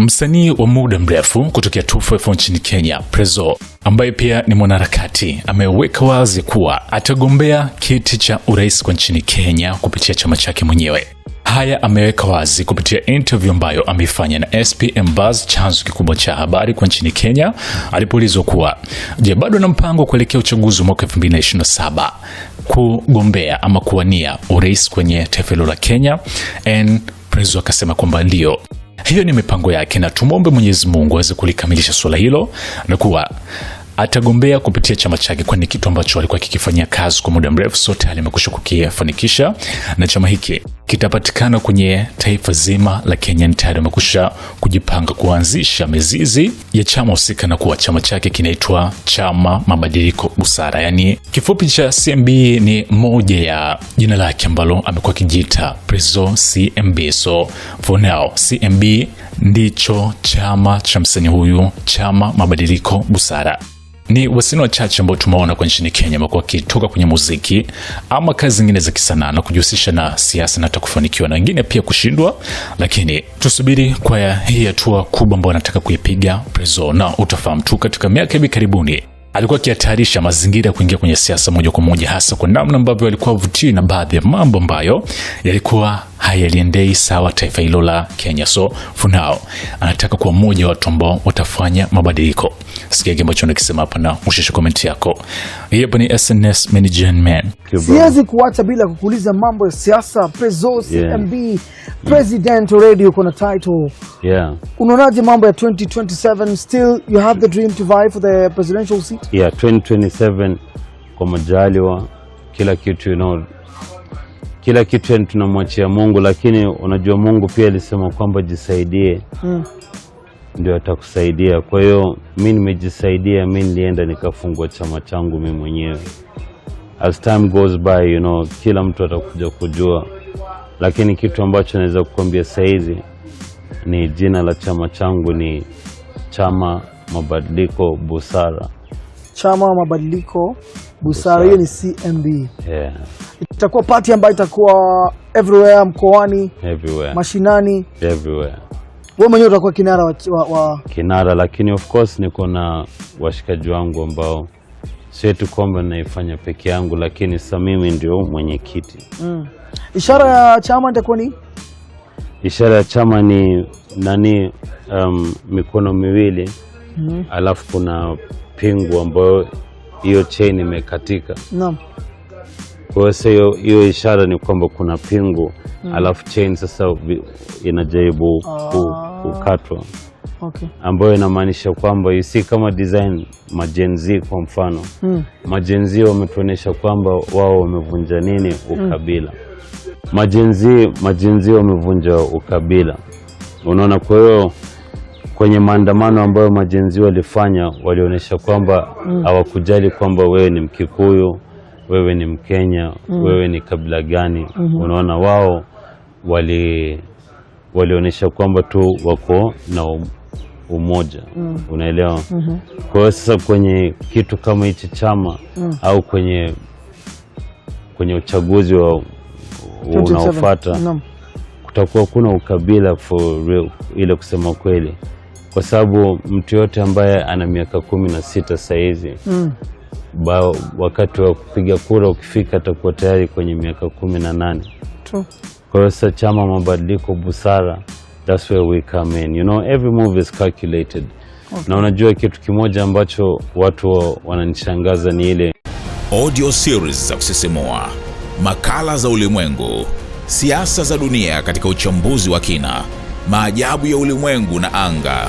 Msanii wa muda mrefu kutokea 254 nchini Kenya, Prezo, ambaye pia ni mwanaharakati ameweka wazi kuwa atagombea kiti cha urais kwa nchini Kenya kupitia chama chake mwenyewe. Haya ameweka wazi kupitia interview ambayo ameifanya na SPM Buzz, chanzo kikubwa cha habari kwa nchini Kenya, alipoulizwa kuwa je, bado na mpango kuelekea uchaguzi wa mwaka 2027 kugombea ama kuwania urais kwenye taifa hilo la Kenya. N Prezo akasema kwamba ndio hiyo ni mipango yake, na tumwombe Mwenyezi Mungu aweze kulikamilisha swala hilo na kuwa atagombea kupitia chama chake, kwani kitu ambacho alikuwa kikifanyia kazi kwa muda mrefu. Sote alimekusha kukifanikisha na chama hiki kitapatikana kwenye taifa zima la Kenya. Ni tayari amekusha kujipanga kuanzisha mizizi ya chama husika na kuwa chama chake kinaitwa Chama Mabadiliko Busara, yaani kifupi cha CMB. Ni moja ya jina lake ambalo amekuwa akijiita Prezo CMB. So for now CMB ndicho chama cha msanii huyu Chama Mabadiliko Busara. Ni wasanii wachache ambao tumeona kwa nchini Kenya amekuwa wakitoka kwenye muziki ama kazi zingine za kisanaa na kujihusisha na siasa na hata kufanikiwa na wengine pia kushindwa, lakini tusubiri kwa hii hatua kubwa ambayo anataka kuipiga Prezzo, na utafahamu tu katika miaka hivi karibuni alikuwa akihatarisha mazingira ya kuingia kwenye siasa moja kwa moja, hasa kwa namna ambavyo alikuwa vutii na baadhi ya mambo ambayo yalikuwa haya haiendei sawa taifa hilo la Kenya. So for now anataka kuwa mmoja wa watu ambao watafanya mabadiliko. Sikia kile ambacho nakisema hapa na ushishe komenti yako. Hii ni SNS Manager Man. Siwezi kuacha bila kukuuliza mambo ya siasa. Prezo CMB yeah. Mm. President yeah. Radio kuna title. Yeah. Unaonaje mambo ya 2027 still you have the dream to vie for the presidential seat? Yeah, 2027 kwa majaliwa kila kitu you know kila kitu yani tunamwachia Mungu, lakini unajua Mungu pia alisema kwamba jisaidie, mm. ndio atakusaidia. Kwa hiyo mi nimejisaidia, mi nilienda nikafungua chama changu mi mwenyewe. As time goes by, you know, kila mtu atakuja kujua, lakini kitu ambacho naweza kukwambia saizi ni jina la chama changu ni Chama Mabadiliko Busara, Chama Mabadiliko Busara hiyo ni CMB yeah. Itakuwa party ambayo itakuwa everywhere mkoani, everywhere. Mashinani everywhere. Wewe mwenyewe utakuwa kinara wa, wa... kinara, lakini of course niko na washikaji wangu ambao sio tu kwamba naifanya peke yangu, lakini sasa mimi ndio mwenyekiti mm. Ishara ya chama itakuwa ni ishara ya chama ni nani? Um, mikono miwili mm -hmm. Alafu kuna pingu ambayo hiyo chain imekatika. Naam. Kwa hiyo hiyo ishara ni kwamba kuna pingu mm. Alafu chain sasa inajaribu ah. kukatwa okay. Ambayo inamaanisha kwamba isi kama design majenzi kwa mfano mm. Majenzi wametuonyesha kwamba wao wamevunja nini mm. ukabila mm. Majenzi majenzi wamevunja ukabila, unaona, kwa hiyo kwenye maandamano ambayo majenzi walifanya, walionyesha kwamba mm. hawakujali mm. kwamba wewe ni Mkikuyu, wewe ni Mkenya mm. wewe ni kabila gani mm -hmm. Unaona, wao wali walionyesha kwamba tu wako na umoja mm. Unaelewa mm -hmm. Kwa hiyo sasa kwenye kitu kama hichi chama mm. au kwenye kwenye uchaguzi wa unaofuata kutakuwa kuna ukabila for real, ile kusema kweli kwa sababu mtu yote ambaye ana miaka kumi na sita sahizi mm. ba wakati wa kupiga kura ukifika atakuwa tayari kwenye miaka kumi na nane. Kwa hiyo sasa chama mabadiliko busara, that's where we come in. You know, every move is calculated. Okay. Na unajua kitu kimoja ambacho watu wananishangaza ni ile audio series za kusisimua, makala za ulimwengu, siasa za dunia katika uchambuzi wa kina, maajabu ya ulimwengu na anga